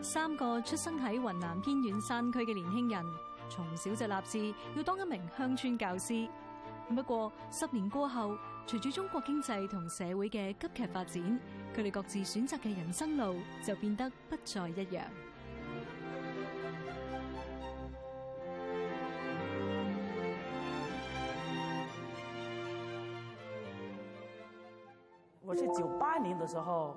三個出生喺雲南偏遠山區嘅年輕人，從小就立志要當一名鄉村教師。不過十年過後，隨住中國經濟同社會嘅急劇發展，佢哋各自選擇嘅人生路就變得不再一樣。我喺九八年嘅時候，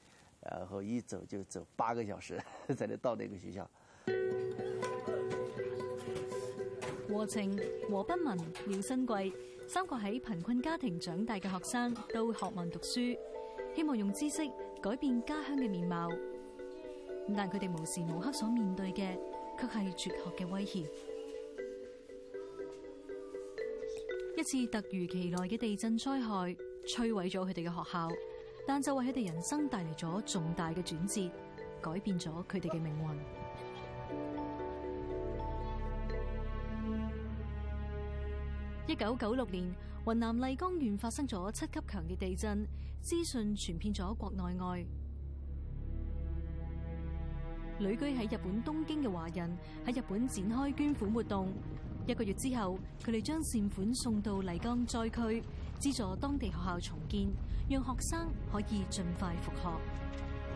然後一走就走八個小時，才能到那個學校。和晴、和不文、廖新貴三個喺貧困家庭長大嘅學生，都渴望讀書，希望用知識改變家鄉嘅面貌。但佢哋無時無刻所面對嘅，卻係絕學嘅威脅。一次突如其來嘅地震災害，摧毀咗佢哋嘅學校。但就為佢哋人生帶嚟咗重大嘅轉折，改變咗佢哋嘅命運。一九九六年，雲南麗江縣發生咗七級強烈地震，資訊傳遍咗國內外。旅居喺日本東京嘅華人喺日本展開捐款活動，一個月之後，佢哋將善款送到麗江災區，資助當地學校重建。讓學生可以盡快復學。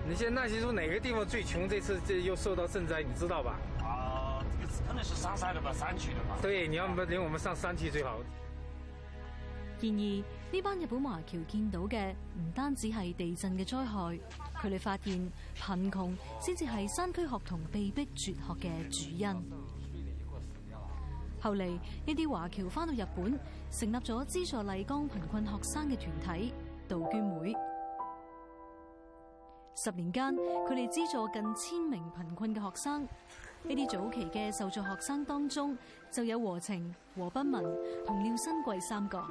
你現在是說哪個地方最窮？這次又受到震災，你知道吧？啊、呃，可能是上山，山的吧山區嘛。對，你要唔要、嗯、我們上山去最好。然而呢班日本華僑見到嘅唔單止係地震嘅災害，佢哋發現貧窮先至係山區學童被逼輟學嘅主因。嗯嗯、後嚟呢啲華僑翻到日本，成立咗資助麗江貧困學生嘅團體。杜娟會，十年間佢哋資助近千名貧困嘅學生。呢啲早期嘅受助學生當中，就有和晴、何不文、同廖新貴三個。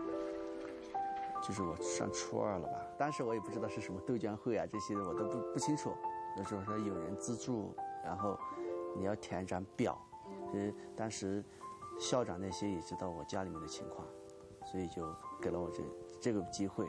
就是我上初二了吧，當時我也不知道是什麼杜鵑會啊，這些我都不不清楚。有時候就說有人資助，然後你要填一張表。嗯，當時校長那些也知道我家裏面的情況，所以就給了我這這個機會。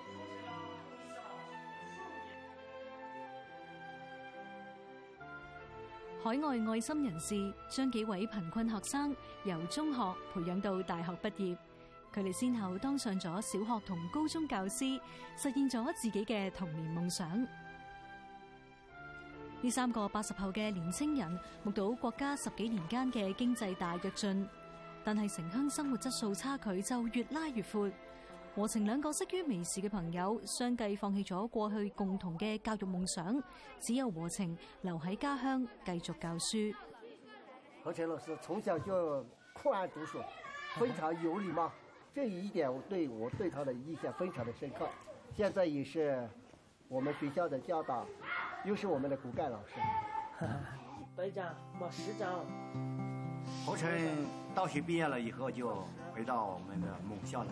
海外愛心人士將幾位貧困學生由中學培養到大學畢業，佢哋先後當上咗小學同高中教師，實現咗自己嘅童年夢想。呢三個八十後嘅年青人目睹國家十幾年間嘅經濟大躍進，但係城鄉生活質素差距就越拉越闊。和晴兩個識於微時嘅朋友，相繼放棄咗過去共同嘅教育夢想，只有和晴留喺家鄉繼續教書。何晨老師從小就酷愛讀書，非常有禮貌，這一點我對我對他的印象非常的深刻。現在也是我們學校的教導，又是我們的骨幹老師。百張我十張。何晨大學畢業了以後就回到我們的母校了。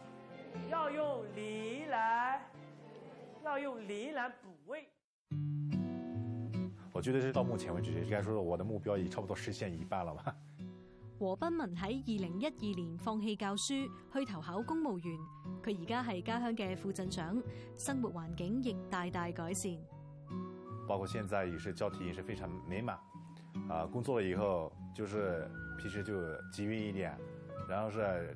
要用梨來，要用梨來補位。我覺得是到目前為止，應該說我的目標已差不多實現一半了吧。何斌文喺二零一二年放棄教書，去投考公務員。佢而家係家鄉嘅副鎮長，生活環境亦大大改善。包括現在也是家庭也是非常美滿。啊，工作了以後就是平時就節約一點，然後是。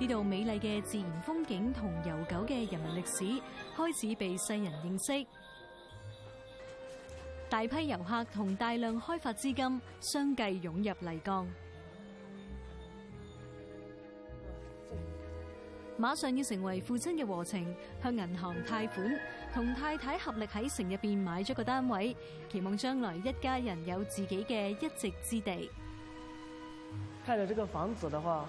呢度美麗嘅自然風景同悠久嘅人文歷史開始被世人認識，大批遊客同大量開發資金相繼湧入麗江。馬上要成為父親嘅和情向銀行貸款，同太太合力喺城入邊買咗個單位，期望將來一家人有自己嘅一席之地。睇到這個房子的話，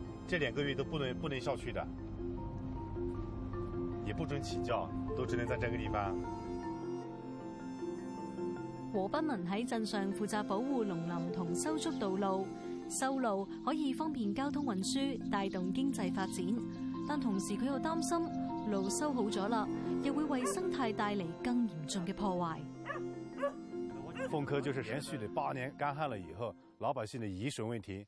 這兩個月都不能不能下去的，也不准起轎，都只能在這個地方，啊。和北文喺鎮上負責保護農林同修築道路，修路可以方便交通運輸，帶動經濟發展，但同時佢又擔心路修好咗啦，又會為生態帶嚟更嚴重嘅破壞。風、啊啊啊、科就是連續的八年乾旱了以後，老百姓的飲水問題。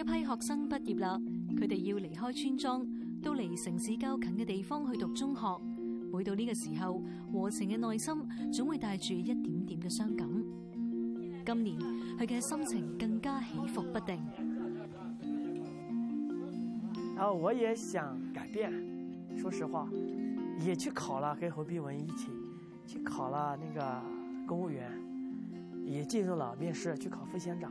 一批學生畢業啦，佢哋要離開村莊，到離城市較近嘅地方去讀中學。每到呢個時候，和成嘅內心總會帶住一點點嘅傷感。今年佢嘅心情更加起伏不定。然後我也想改變，說實話，也去考啦，跟何碧文一起去考啦，那個公務員，也進入了面試，去考副鄉長。